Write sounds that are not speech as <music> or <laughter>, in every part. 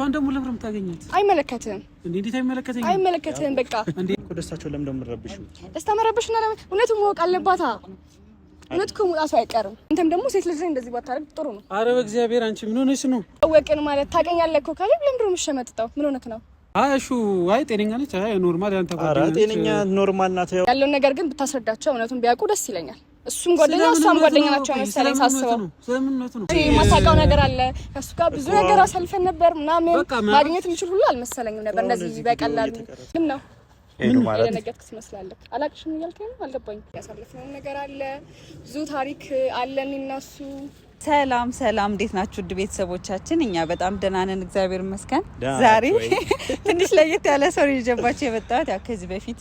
እሷን ደግሞ ለምን የምታገኛት? አይመለከትም። እንዴት አይመለከትም? አይመለከትም። በቃ እንዴ እኮ ደስታቸውን ለምን እንደምረብሹ ደስታ መረብሽ እና ለምን እውነቱን ማወቅ አለባታ። እውነት እኮ መውጣቱ አይቀርም። እንተም ደግሞ ሴት ልጅ እንደዚህ ባታረግ ጥሩ ነው። አረ በእግዚአብሔር አንቺ ምን ሆነሽ ነው? አወቅን ማለት ታገኛለህ እኮ ካለ ለምንድን ነው የምትሸመጥጠው? ምን ሆነክ ነው? አይ እሺ፣ አይ ጤነኛ ነች። አይ ኖርማል፣ ያንተ ጓደኛ ጤነኛ ኖርማል ናት። ያለውን ነገር ግን ብታስረዳቸው እውነቱን ቢያውቁ ደስ ይለኛል። እሱም ጓደኛ እሷም ጓደኛ ናቸው መሰለኝ ሳስበው፣ የማታውቀው ነገር አለ። ከሱ ጋር ብዙ ነገር አሳልፈን ነበር ምናምን ማግኘት የምችል ሁሉ አልመሰለኝም ነበር። እንደዚህ በቀላሉ ግን ነው የደነገጥክ ትመስላለህ። አላቅሽም እያልከኝ ነው። አልገባኝም። ያሳለፍነው ነገር አለ፣ ብዙ ታሪክ አለን እኔና ሰላም ሰላም፣ እንዴት ናችሁ ውድ ቤተሰቦቻችን? እኛ በጣም ደህና ነን፣ እግዚአብሔር ይመስገን። ዛሬ <laughs> ትንሽ ለየት ያለ ሰው ይዤባችሁ የመጣሁት ያው ከዚህ በፊት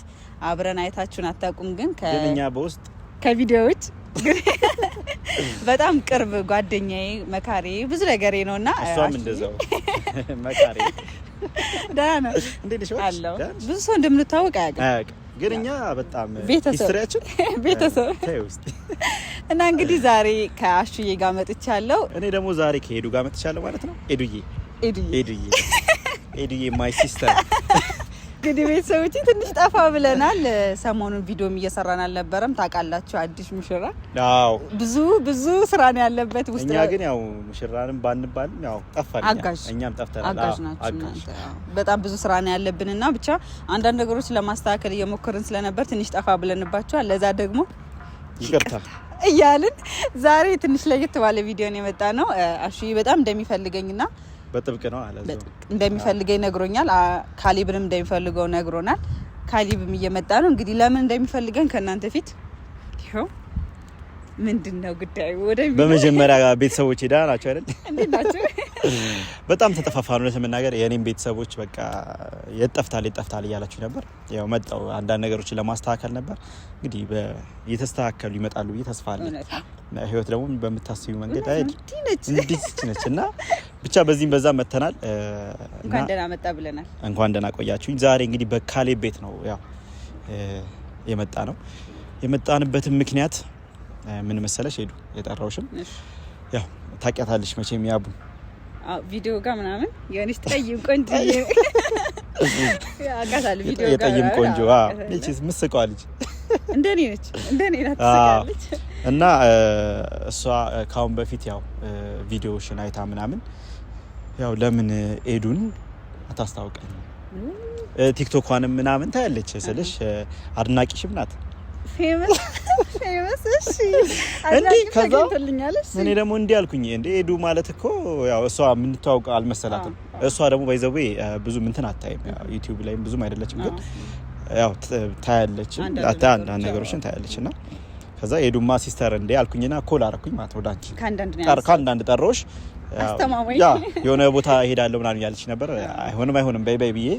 አብረን አይታችሁን አታውቁም፣ ግን ከኛ በውስጥ ከቪዲዮዎች <laughs> በጣም ቅርብ ጓደኛዬ መካሬ ብዙ ነገሬ ነው እና እሷም እንደዛው <laughs> ደህና ነው። እንዴት ነሽ? ብዙ ሰው እንደምንታወቅ አያውቅም፣ ግን እኛ በጣም ቤተሰብ <laughs> ቤተሰብ እና እንግዲህ ዛሬ ከአሹዬ ጋር መጥቻለሁ። እኔ ደግሞ ዛሬ ከሄዱ ጋር መጥቻለሁ ማለት ነው። ኤዱዬ ኤዱዬ ኤዱዬ ማይ ሲስተር እንግዲህ ቤተሰቦች ትንሽ ጠፋ ብለናል። ሰሞኑን ቪዲዮም እየሰራን አልነበረም። ታውቃላችሁ፣ አዲስ ሙሽራ ብዙ ብዙ ስራ ነው ያለበት ውስጥ። እኛ ግን ያው ሙሽራንም ባንባልም ያው ጠፋን፣ እኛም ጠፍተናል። አጋዥ ናችሁ። በጣም ብዙ ስራ ነው ያለብንና ብቻ አንዳንድ ነገሮች ለማስተካከል እየሞከርን ስለነበር ትንሽ ጠፋ ብለንባችኋል። ለዛ ደግሞ ይቅርታ እያልን ዛሬ ትንሽ ለየት ባለ ቪዲዮን የመጣ ነው። አሹዬ በጣም እንደሚፈልገኝና በጥብቅ ነው አለ። እንደሚፈልገኝ ነግሮኛል። ካሊብንም እንደሚፈልገው ነግሮናል። ካሊብም እየመጣ ነው። እንግዲህ ለምን እንደሚፈልገን ከእናንተ ፊት ይኸው ምንድን ነው ጉዳዩ? ወደ በመጀመሪያ ቤተሰቦች ሄዳ ናቸው አይደል? <laughs> እንዴት ናቸው? በጣም ተጠፋፋኑ። ለመናገር የእኔም ቤተሰቦች በቃ የጠፍታል የጠፍታል እያላችሁ ነበር። ያው መጣው አንዳንድ ነገሮችን ለማስተካከል ነበር። እንግዲህ እየተስተካከሉ ይመጣሉ ብዬ ተስፋ አለ። ህይወት ደግሞ በምታስቢው መንገድ አይደል? እንዲህ ነች እና ብቻ በዚህም በዛ መተናል። እንኳን ደህና መጣ ብለናል። እንኳን ደህና ቆያችሁኝ። ዛሬ እንግዲህ በካሌብ ቤት ነው ያው የመጣ ነው። የመጣንበትም ምክንያት ምን መሰለሽ ሄዱ የጠራውሽም ያው ታውቂያታለሽ መቼም ያቡ ቪዲዮ ጋር ምናምን የሆነች ጠይም ቆንጆ <laughs> ቪዲዮ የጠይም ቆንጆ ምስቋ ልጅ እንደኔ ነች እንደኔ ናት እና እሷ ካሁን በፊት ያው ቪዲዮሽን አይታ ምናምን ያው ለምን ኤዱን አታስታውቀኝ? ቲክቶኳንም ምናምን ታያለች ስልሽ አድናቂሽም ናት። እኔ ደግሞ እንዲህ አልኩኝ። እንደ ኤዱ ማለት እኮ ያው እሷ የምንተዋውቅ አልመሰላትም። እሷ ደግሞ ባይዘዌ ብዙ ምንትን አታይም፣ ዩቲዩብ ላይም ብዙም አይደለችም። ግን ያው ታያለች፣ አንዳንድ ነገሮችን ታያለች እና ከዛ የዱማ ሲስተር እንዴ አልኩኝና ኮል አረኩኝ ማለት ነው። ዳንቺ ከአንዳንድ ጠሮሽ ያ የሆነ ቦታ እሄዳለሁ ምናምን እያለች ነበር። አይሆንም አይሆንም በይ በይ ብዬ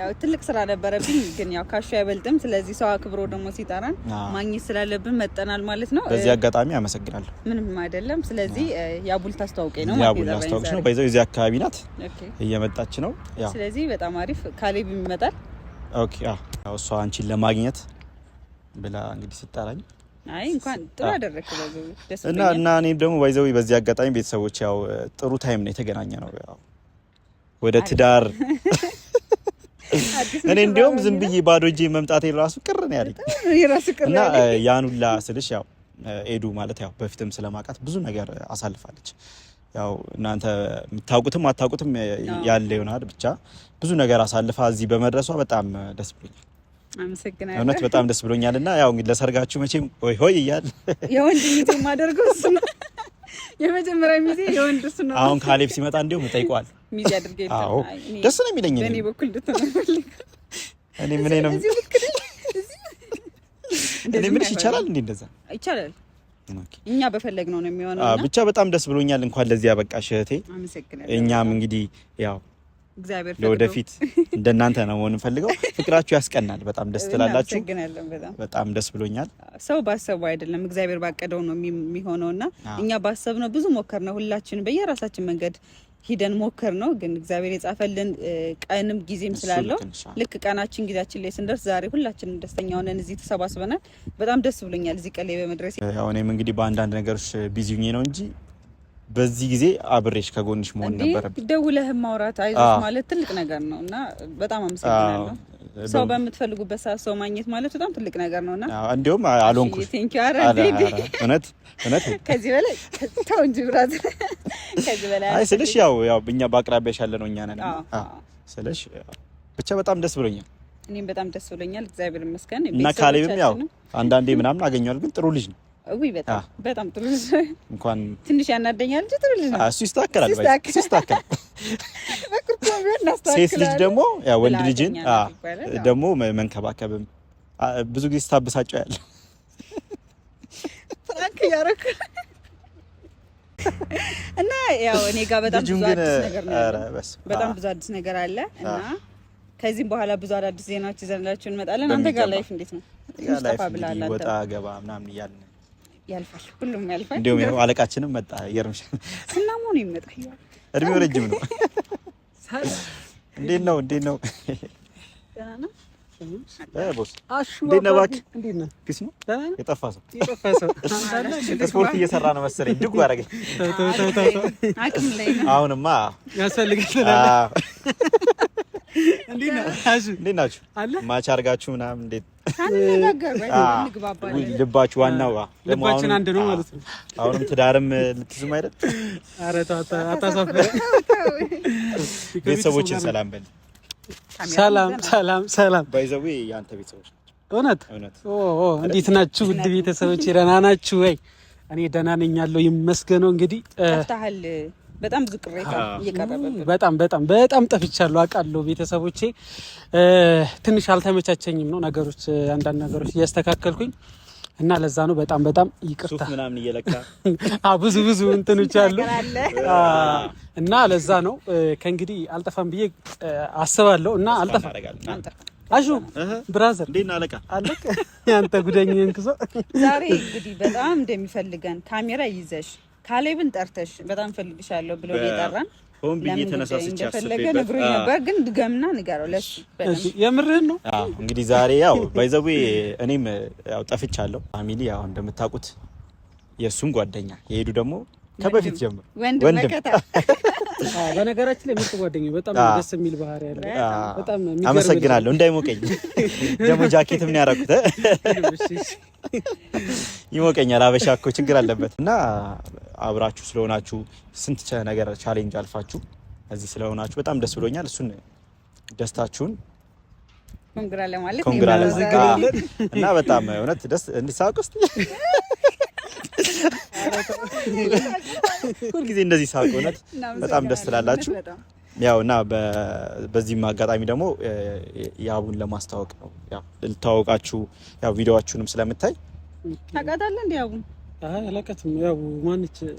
ያው ትልቅ ስራ ነበረብኝ፣ ግን ያው ካሹ አይበልጥም። ስለዚህ ሰው አክብሮ ደግሞ ሲጠራን ማግኘት ስላለብን መጠናል ማለት ነው። በዚህ አጋጣሚ አመሰግናለሁ። ምንም አይደለም። ስለዚህ የአቡል ታስተዋውቀኝ ነው የአቡል ታስተዋውቀሽ ነው። በይዘው የዚህ አካባቢ ናት፣ እየመጣች ነው። ስለዚህ በጣም አሪፍ ካሌብ ይመጣል። ኦኬ እሷ አንቺን ለማግኘት ብላ እንግዲህ ስጠራኝ እና እና እኔም ደግሞ ባይዘው በዚህ አጋጣሚ ቤተሰቦች ያው ጥሩ ታይም ነው የተገናኘ ነው ወደ ትዳር እኔ እንዲሁም ዝም ብዬ ባዶ እጄ መምጣቴ ራሱ ቅር ነው ያለኝ እና ያኑላ ስልሽ ያው ኤዱ ማለት ያው በፊትም ስለማውቃት ብዙ ነገር አሳልፋለች። ያው እናንተ የምታውቁትም አታውቁትም ያለ ይሆናል ብቻ ብዙ ነገር አሳልፋ እዚህ በመድረሷ በጣም ደስ ብሎኛል። አመሰግናለሁ። እውነት በጣም ደስ ብሎኛል ና ያው እንግዲህ ለሰርጋችሁ መቼም ሆይ ሆይ እያል <laughs> የወንድ ሚዜ የማደርገው እሱ ነው። የመጀመሪያ ሚዜ የወንድ እሱ ነው። አሁን ካሌብ ሲመጣ እንዲሁም እጠይቀዋል ሚዜ አድርገ ደስ ነው የሚለኝ እኔ በኩል ድትነፈልግ እኔ ምን ነው እኔ ምንሽ ይቻላል እንዴ? እንደዛ ይቻላል። እኛ በፈለግ ነው ነው የሚሆነው። ብቻ በጣም ደስ ብሎኛል። እንኳን ለዚህ ያበቃሽ እህቴ። እኛም እንግዲህ ያው ለወደፊት እንደናንተ ነው መሆን ፈልገው። ፍቅራችሁ ያስቀናል። በጣም ደስ ትላላችሁ። በጣም ደስ ብሎኛል። ሰው ባሰበው አይደለም እግዚአብሔር ባቀደው ነው የሚሆነው እና እኛ ነው ብዙ ሞከር ነው። ሁላችን በየራሳችን መንገድ ሂደን ሞከር ነው። ግን እግዚአብሔር የጻፈልን ቀንም ጊዜም ስላለው ልክ ቀናችን ጊዜያችን ላይ ስንደርስ ዛሬ ሁላችንም ደስተኛ ሆነን እዚህ ተሰባስበናል። በጣም ደስ ብሎኛል እዚህ ቀን ላይ በመድረስ። እኔም እንግዲህ በአንዳንድ ነገሮች ቢዚ ነው እንጂ በዚህ ጊዜ አብሬሽ ከጎንሽ መሆን ነበረብኝ። ደውለህም ማውራት አይዞሽ ማለት ትልቅ ነገር ነው እና በጣም አመሰግናለሁ። ሰው በምትፈልጉበት ሰዓት ሰው ማግኘት ማለት በጣም ትልቅ ነገር ነው እና እንዲሁም አልሆንኩሽ። እውነት እውነት ከዚህ በላይ ተው እንጂ ብራዘር፣ ከዚህ በላይ አይ ስልሽ፣ ያው ያው እኛ በአቅራቢያሽ ያለ ነው እኛ ነን ስልሽ፣ ብቻ በጣም ደስ ብሎኛል። እኔም በጣም ደስ ብሎኛል፣ እግዚአብሔር ይመስገን። እና ካሌብም ያው አንዳንዴ ምናምን አገኘዋል፣ ግን ጥሩ ልጅ ነው ውይ በጣም በጣም ጥሩ ልጅ እንኳን ትንሽ ያናደኛል እንጂ ጥሩ ልጅ ነው። እሱ ይስተካከላል፣ እሱ ይስተካከላል። <laughs> ሴት ልጅ ደግሞ ወንድ ልጅን ደግሞ መንከባከብም ብዙ ጊዜ ስታበሳጨው ያለ ፍራንክ <laughs> እያደረኩ <laughs> እና ያው እኔ ጋር በጣም ብዙ አዲስ ነገር ነው በጣም ብዙ አዲስ ነገር አለ እና ከዚህም በኋላ ብዙ አዳዲስ ዜናዎች ይዘንላችሁ እንመጣለን። አንተ ጋር ላይፍ እንዴት ነው? ወጣ ገባ ምናምን እያልን ያልፋል፣ ሁሉም ያልፋል። እንዲሁም አለቃችንም መጣ የርምሻ እና መሆኑ ይመጣ እድሜው ረጅም ነው። እንዴት ነው? እንዴት ነው? ሰው ስፖርት እየሰራ ነው መሰለኝ። ድጉ አደረገኝ። አሁንማ ያስፈልጋል እንዴት ናችሁ? ማች አድርጋችሁ ምናምን እንዴት ልባችሁ? ዋናው ልባችን አንድ ነው ማለት ነው። አሁንም ትዳርም ልትይዙም አይደል? ኧረ <laughs> ቤተሰቦችን ሰላም በል። ሰላም ሰላም ሰላም። የአንተ ቤተሰቦች እውነት እንዴት ናችሁ? ውድ ቤተሰቦች ደህና ናችሁ ወይ? እኔ ደህና ነኝ ይመስገነው። እንግዲህ በጣም ብዙ ቅሬታ እየቀረበብን በጣም በጣም በጣም ጠፍቻለሁ አውቃለሁ። ቤተሰቦቼ ትንሽ አልተመቻቸኝም ነው ነገሮች፣ አንዳንድ ነገሮች እያስተካከልኩኝ እና ለዛ ነው በጣም በጣም ይቅርታ ምናምን እየለካ <laughs> ብዙ ብዙ እንትኖች አሉ እና ለዛ ነው ከእንግዲህ አልጠፋም ብዬ አስባለሁ እና አልጠፋ አሹ ብራዘር እንዴት አለቃ አለቅ <laughs> ያንተ ጉደኝ ክሶ ዛሬ እንግዲህ በጣም እንደሚፈልገን ካሜራ ይዘሽ ካሌብን ጠርተሽ በጣም ፈልግሻለሁ ብሎ የጠራን ሆን ብዬ ተነሳስቼ አስቤ ነግሮኝ ነበር፣ ግን ድገምና ንገረው ለሱ የምርህን ነው። እንግዲህ ዛሬ ያው ባይዘዌ እኔም ያው ጠፍቻለሁ። ፋሚሊ ያው እንደምታውቁት የእሱም ጓደኛ የሄዱ ደግሞ ከበፊት ጀምሮ ወንድም መከታ በነገራችን ላይ ምርጥ ጓደኛ በጣም ደስ የሚል ባህሪ ያለ በጣም አመሰግናለሁ። እንዳይሞቀኝ ደግሞ ጃኬት ምን ያደረኩት ይሞቀኛል። አበሻ እኮ ችግር አለበት እና አብራችሁ ስለሆናችሁ ስንት ነገር ቻሌንጅ አልፋችሁ እዚህ ስለሆናችሁ በጣም ደስ ብሎኛል። እሱን ደስታችሁን ኮንግራ ለማለት እና በጣም እውነት ደስ እንዲሳቅ ውስጥ ሁልጊዜ እንደዚህ ሳቅ እውነት በጣም ደስ ስላላችሁ ያው እና በዚህም አጋጣሚ ደግሞ የአቡን ለማስታወቅ ነው ልታወቃችሁ ያው ቪዲዮዋችሁንም ስለምታይ ታውቃታለህ እንዲ አቡን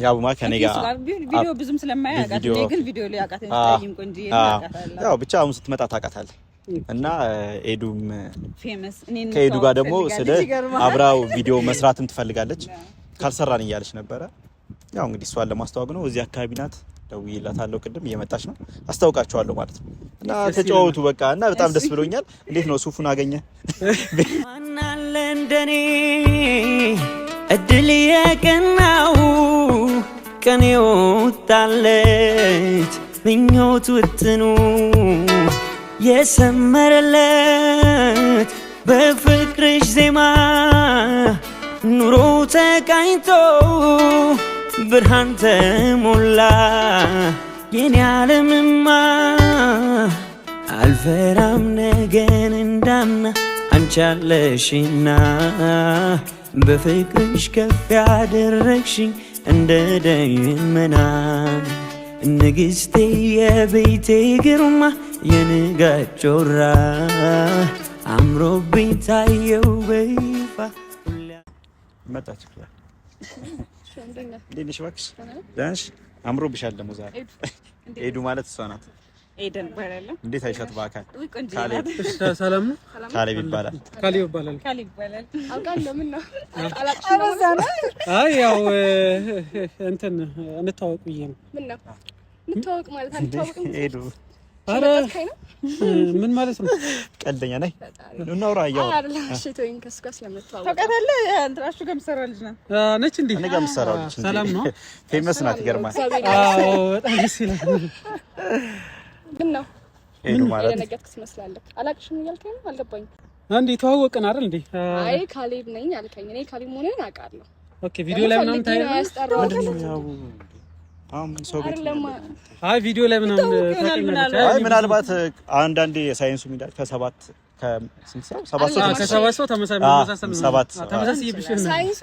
ያው ማ ከኔ ጋር ብዙም ስለማያውቃት ግን ቪዲዮ ላይ ያው ብቻ አሁን ስትመጣ ታውቃታለህ። እና ኤዱም ፌመስ ከኤዱ ጋር ደግሞ ስለ አብራው ቪዲዮ <laughs> መስራትም ትፈልጋለች። ካልሰራን እያለች ነበረ። ያው እንግዲህ እሷን ለማስተዋወቅ ነው። እዚህ አካባቢ ናት። ደውዬላታለሁ ቅድም እየመጣች ነው። አስታውቃችኋለሁ ማለት ነው። እና ተጫወቱ በቃ እና በጣም ደስ ብሎኛል። እንዴት ነው ሱፉን አገኘ? <laughs> ማናለ እንደኔ እድል የቀናው ቀን የወጣለት ምኞት ውጥኑ የሰመረለት በፍቅርሽ ዜማ ኑሮ ተቃኝቶ ብርሃን ተሞላ የኔ ዓለምማ አልፈራም ነገን እንዳምና አንቻለሽና በፍቅርሽ ከፍ ያደረግሽኝ እንደ ደመና ንግሥቴ የቤቴ ግርማ የንጋት ጮራ አምሮብኝ ታየው በይፋ መጣች። እንዴት ነሽ? እባክሽ ደህና ነሽ? አምሮብሻል። ደግሞ ዛሬ ኤዱ ማለት እሷ ናት። ኤደን እባላለሁ። እንዴት አይሻት በአካል ሰላም ይባላል። ካሌ ይባላል። ካሌ ይባላል። አውቃለሁ። ምን ነው አይ ያው እንትን እንታወቅ ብዬ ነው። ምን ነው እንታወቅ ማለት አንታወቅም። ሄዱ አረ ምን ማለት ነው? ቀልደኛ ነኝ። እናውራ ሰላም ነው። ፌመስ ናት። ይገርማል። አዎ በጣም ደስ ይላል። ምን ነው ሄዱ ማለት የደነገጥክ ትመስላለህ። አላቅሽም እያልከኝ ነው። አልገባኝም አይደል እንዴ? አይ ካሌብ ነኝ አልከኝ። እኔ ካሌብ መሆኔን አውቃለሁ። ኦኬ ቪዲዮ ላይ ምናምን አይ ቪዲዮ ላይ ምናምን ምናልባት አንዳንዴ የሳይንሱ ከሰባት ከስንት ሰው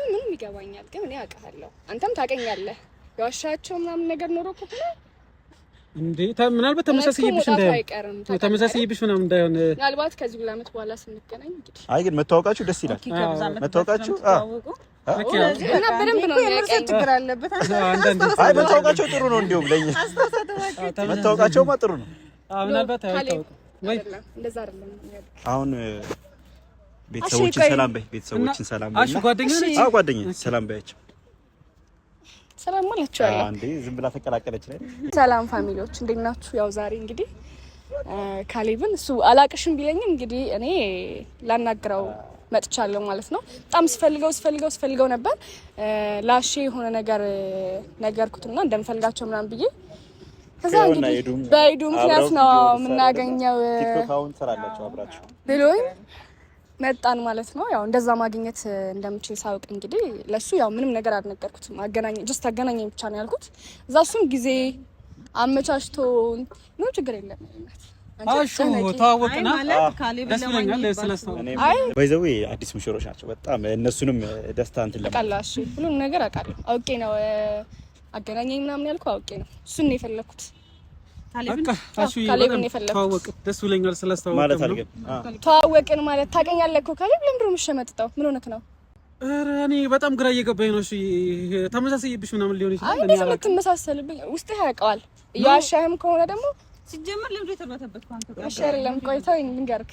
ምንም ይገባኛል፣ ግን እኔ አውቃለሁ። አንተም ታውቀኛለህ። የዋሻቸው ምናምን ነገር ኖሮ እንዴ ምናልባት ተመሳሳይብሽ እንዳይሆን ተመሳሳይብሽ ምናምን እንዳይሆን ምናልባት ከዚህ ሁለት ዓመት በኋላ ስንገናኝ እንግዲህ። አይ ግን መታወቃችሁ ደስ ይላል። መታወቃችሁ መታወቃቸው ጥሩ ነው። እንዲሁም ለእኛ መታወቃቸውማ ጥሩ ነው። ምናልባት አሁን ቤተሰቦችን ሰላም በይ፣ ቤተሰቦችን ሰላም በይ፣ ጓደኛ ሰላም በያቸው ሰላም አላችኋለሁ። አንዴ ዝም ብላ ተቀላቀለች። ሰላም ፋሚሊዎች እንዴት ናችሁ? ያው ዛሬ እንግዲህ ካሌብን እሱ አላቅሽም ቢለኝም እንግዲህ እኔ ላናግረው መጥቻለሁ ማለት ነው። በጣም ስፈልገው ስፈልገው ስፈልገው ነበር። ላሼ የሆነ ነገር ነገርኩትና እንደምፈልጋቸው ምናምን ብዬ ከዛ እንግዲህ በኢዱ ምክንያት ነው የምናገኘው ብሎኝ መጣን ማለት ነው። ያው እንደዛ ማግኘት እንደምችል ሳውቅ እንግዲህ ለሱ ያው ምንም ነገር አልነገርኩትም። አገናኝ ጀስት አገናኘኝ ብቻ ነው ያልኩት። እዛ እሱም ጊዜ አመቻችቶ ነው ችግር የለም ይዘዌ አዲስ ምሽሮች ናቸው። በጣም እነሱንም ደስታ እንትን ለቃላሽ ነገር አውቃለሁ። አውቄ ነው አገናኘኝ ምናምን ያልኩ አውቄ ነው እሱን ነው የፈለግኩት። ካሌብን የፈለኩት ተዋወቅን ማለት ታገኛለህ እኮ ካሌብ። ለምንድን ነው የምትሸመጥጠው? ምን ሆነህ ነው? እኔ በጣም ግራ እየገባኝ ነው። እሺ ተመሳሳይብሽ ምናምን ሊሆን ይችላል። አይ እንደዚያ የምትመሳሰልብኝ ውስጥህ ያውቀዋል። እየዋሻህም ከሆነ ደግሞ ሲጀመር ለምዶ የተረተበት አንተ እሺ፣ አይደለም ቆይታው እንንገርክ።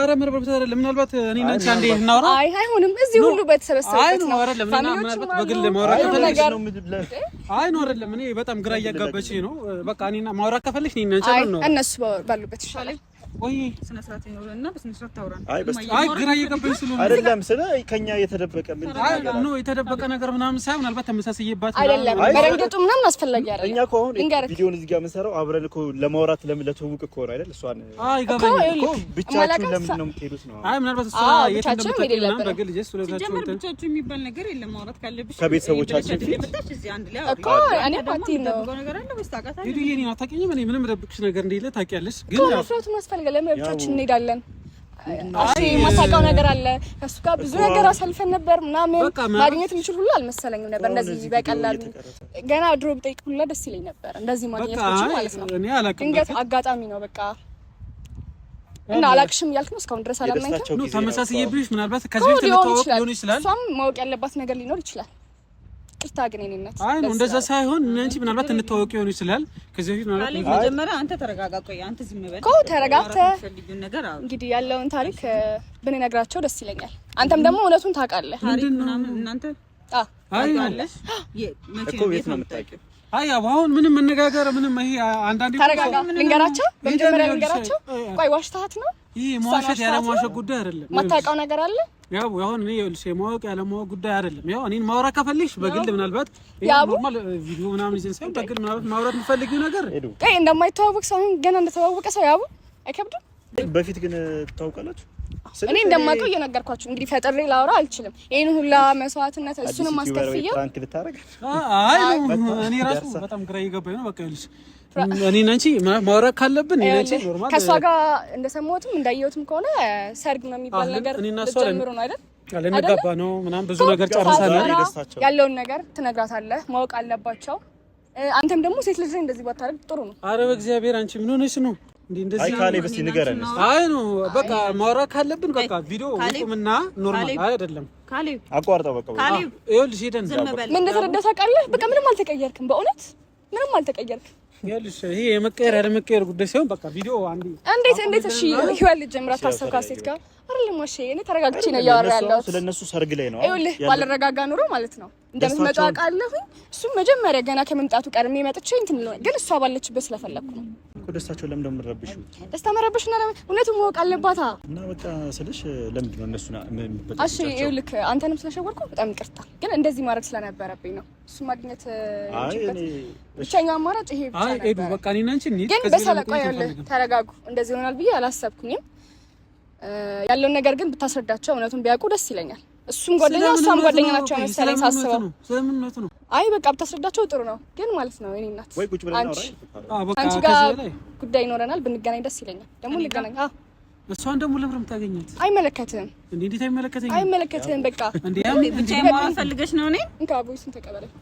አረ መርበርበት አይደለም። ምናልባት እኔ እና አንቺ አንዴ እናውራ። አይ አይሆንም፣ እዚህ ሁሉ በተሰበሰበበት ነው። አይደለም እና ምናልባት በግል ማውራት ከፈለግሽ ነው። አይ ነው አይደለም። እኔ በጣም ግራ እያጋባችኝ ነው። በቃ እኔና ማውራት ከፈለግሽ እኔ እና አንቺ ነው እነሱ ባሉበት ይሻላል። ወይ ስነ ስርዓት ይኖርና በስነ አይደለም፣ ስለ ከኛ የተደበቀ የተደበቀ ነገር ምናምን ሳይሆን ምናልባት ተመሳሳይባት አይደለም፣ መረንገጡ ምናምን አስፈላጊ አይደለም። እኛ እኮ አሁን ቪዲዮን እዚህ ጋር የምንሰራው አብረን እኮ ለማውራት ለትውውቅ እኮ ነው አይደል? እሷን አይ ገባኝ ነው የምትሄዱት ነው? አይ ምናልባት እሷ የትም ከቤተሰቦቻችን ፊት እኔ ምንም ደብቅሽ ነገር እንደሌለ ታውቂያለሽ፣ ግን ለምን ብቻችን እንሄዳለን? አይ የማታውቀው ነገር አለ። ከሱ ጋር ብዙ ነገር አሳልፈን ነበር ምናምን ማግኘት የምችል ሁሉ አልመሰለኝም ነበር። እንደዚህ በቀላሉ ገና ድሮ ብጠይቅ ሁላ ደስ ይለኝ ነበር። እንደዚህ ማግኘት ብቻ ማለት ነው። ድንገት አጋጣሚ ነው በቃ እና አላቅሽም እያልክ ነው እስካሁን ድረስ አላማኝከም። ተመሳሳይ ብሽ ምናልባት ከዚህ በፊት ሊሆን ይችላል። እሷም ማወቅ ያለባት ነገር ሊኖር ይችላል። ቅርታ ግን እኔነት አይ ነው እንደዛ ሳይሆን እናንቺ ምናልባት እንተዋወቅ ይሆን ይችላል። ከዚህ በፊት ምናልባት መጀመሪያ አንተ ተረጋጋ። ቆይ አንተ ዝም በል እኮ ተረጋግተህ እንግዲህ ያለውን ታሪክ ብንነግራቸው ደስ ይለኛል። አንተም ደግሞ እውነቱን ታውቃለህ። ምንድን ምናምን እናንተ አ አይ አለ እኮ ቤት ነው የምታውቂው አይ አሁን ምንም መነጋገር ምንም ይሄ አንዳንዴ ተረጋጋ። ልንገራቸው፣ በመጀመሪያ ልንገራቸው። ቆይ ዋሽታት ነው ይሄ መዋሸት ያለ መዋሸት ጉዳይ አይደለም። ማታውቀው ነገር አለ። ያው አሁን እኔ ልሽ የማወቅ ያለ ማወቅ ጉዳይ አይደለም። ያው እኔን ማውራት ከፈልሽ በግል ምናልባት ኖርማል ቪዲዮ ምናምን ይዘን ሳይሆን በግል ምናልባት ማውራት የምፈልጊው ነገር ቆይ እንደማይተዋወቅ ሰው አሁን ገና እንደተዋወቀ ሰው ያቡ አይከብድም። በፊት ግን ትታወቃላችሁ እኔ እንደማውቀው እየነገርኳችሁ እንግዲህ ፈጥሬ ላውራ አልችልም። ይሄን ሁላ መስዋዕትነት እሱን ማስከፍየው አይ እኔ ራሱ በጣም ግራ እየገባኝ ነው። በቃ ይኸውልሽ እኔ ናንቺ ማውራት ካለብን እኔ ናንቺ ኖርማል ከሷ ጋር እንደሰማሁትም እንዳየሁትም ከሆነ ሰርግ ነው የሚባል ነገር ጀምሩ ነው አይደል? ልንጋባ ነው ምናምን ብዙ ነገር ጨርሰናል። ያለውን ነገር ትነግራታለህ፣ ማወቅ አለባቸው። አንተም ደግሞ ሴት ልጅ እንደዚህ ባታደርግ ጥሩ ነው። አረ በእግዚአብሔር አንቺ ምን ሆነሽ ነው? አይ ካሌብ እስኪ ንገረን። አይ ነው በቃ ማውራት ካለብን በቃ ቪዲዮ ቁምና ኖርማል አይደለም። ካሌብ አቋርጠው በቃ ካሌብ ይኸውልሽ ሄደን ምን እንደተረዳሁ ታውቃለህ። በቃ ምንም አልተቀየርክም፣ በእውነት ምንም አልተቀየርክም። ይኸውልሽ ይሄ የመቀየር ያለመቀየር ጉዳይ ሲሆን በቃ ቪዲዮ አንዴ እንዴት እንዴት እሺ ህይወት ልትጀምር አታሰብ ካሴት ጋር አይደለም። እሺ እኔ ተረጋግቼ ነው እያወራ ስለ ስለነሱ ሰርግ ላይ ነው። ይኸውልህ ባልረጋጋ ኑሮ ማለት ነው እንደምትመጣ አውቃለሁ። እሱም መጀመሪያ ገና ከመምጣቱ ቀድሜ መጥቼ እንትን ነው፣ ግን እሷ ባለችበት ስለፈለኩ ነው እኮ ደስታቸው ለምን እንደምረብሹ ደስታ መረብሽና ለምን እውነቱን ማወቅ አለባታ። እና በቃ ስልሽ ለምንድን ነው እነሱን እሺ፣ ይኸውልህ አንተንም ስለሸወርኩ በጣም ይቅርታ፣ ግን እንደዚህ ማድረግ ስለነበረብኝ ነው። እሱ ማግኘት ብቸኛው አማራጭ ይሄ ብቻ ነበር። ኤዱ በቃ እኔና አንቺ ግን በሰለቋ ይኸውልህ፣ ተረጋጉ። እንደዚህ ይሆናል ብዬ አላሰብኩኝም። ያለውን ነገር ግን ብታስረዳቸው እውነቱን ቢያውቁ ደስ ይለኛል። እሱም ጓደኛ እሷም ጓደኛ ናቸው መሰለኝ ሳስበው። ስለምነቱ ነው አይ በቃ ብታስረዳቸው ጥሩ ነው። ግን ማለት ነው እኔ እናት አንቺ ጋር ጉዳይ ይኖረናል፣ ብንገናኝ ደስ ይለኛል። ደግሞ እንገናኝ። እሷን ደግሞ ለምን የምታገኛት? አይመለከትህም። እንዴት አይመለከትህም? አይመለከትህም። በቃ ብቻ የማፈልገሽ ነው። እኔ እንካ ቦይስን ተቀበለኝ።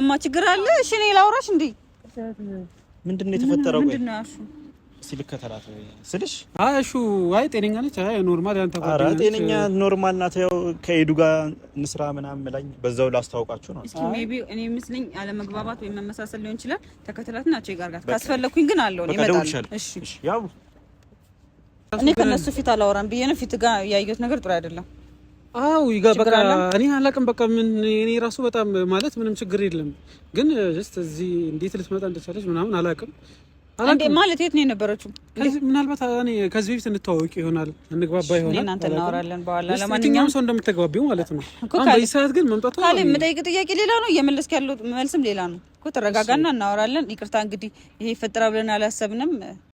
እማ ችግር አለ? እሺ እኔ ላውራሽ። እንዴ ምንድን ነው የተፈጠረው? ምንድን ነው ያልሽው? ሲልከተላት ስልሽ እሹ አይ ጤነኛ ነች፣ ኖርማል ያንተ ጤነኛ ኖርማል ናት። ያው ከኤዱ ጋር እንስራ ምናምን በዛው ላስታውቃችሁ ነው። እስኪ እኔ ምስልኝ አለመግባባት ወይም መመሳሰል ሊሆን ይችላል። ተከተላትና ካስፈለግኩኝ ግን አለው ይመጣል። እሺ ያው እኔ ከነሱ ፊት አላወራም ብዬ ነው። ፊት ጋር ያየሁት ነገር ጥሩ አይደለም። አው ይጋ በቃ እኔ አላቅም። በቃ ምን እኔ ራሱ በጣም ማለት ምንም ችግር የለም፣ ግን ጀስት እዚህ እንዴት ልትመጣ እንደቻለች ምናምን አላቅም። እንዴ ማለት የት ነው የነበረችው? ምናልባት እኔ ከዚህ በፊት እንተዋወቅ ይሆናል እንግባባ ይሆናል እናንተ እናወራለን በኋላ። ለማንኛውም ሰው እንደምትግባቢው ማለት ነው። በዚህ ሰዓት ግን መምጣቱ የምጠይቅ ጥያቄ ሌላ ነው፣ እየመለስክ ያለው መልስም ሌላ ነው ተረጋጋና እናወራለን። ይቅርታ እንግዲህ ይሄ ይፈጠራል ብለን አላሰብንም።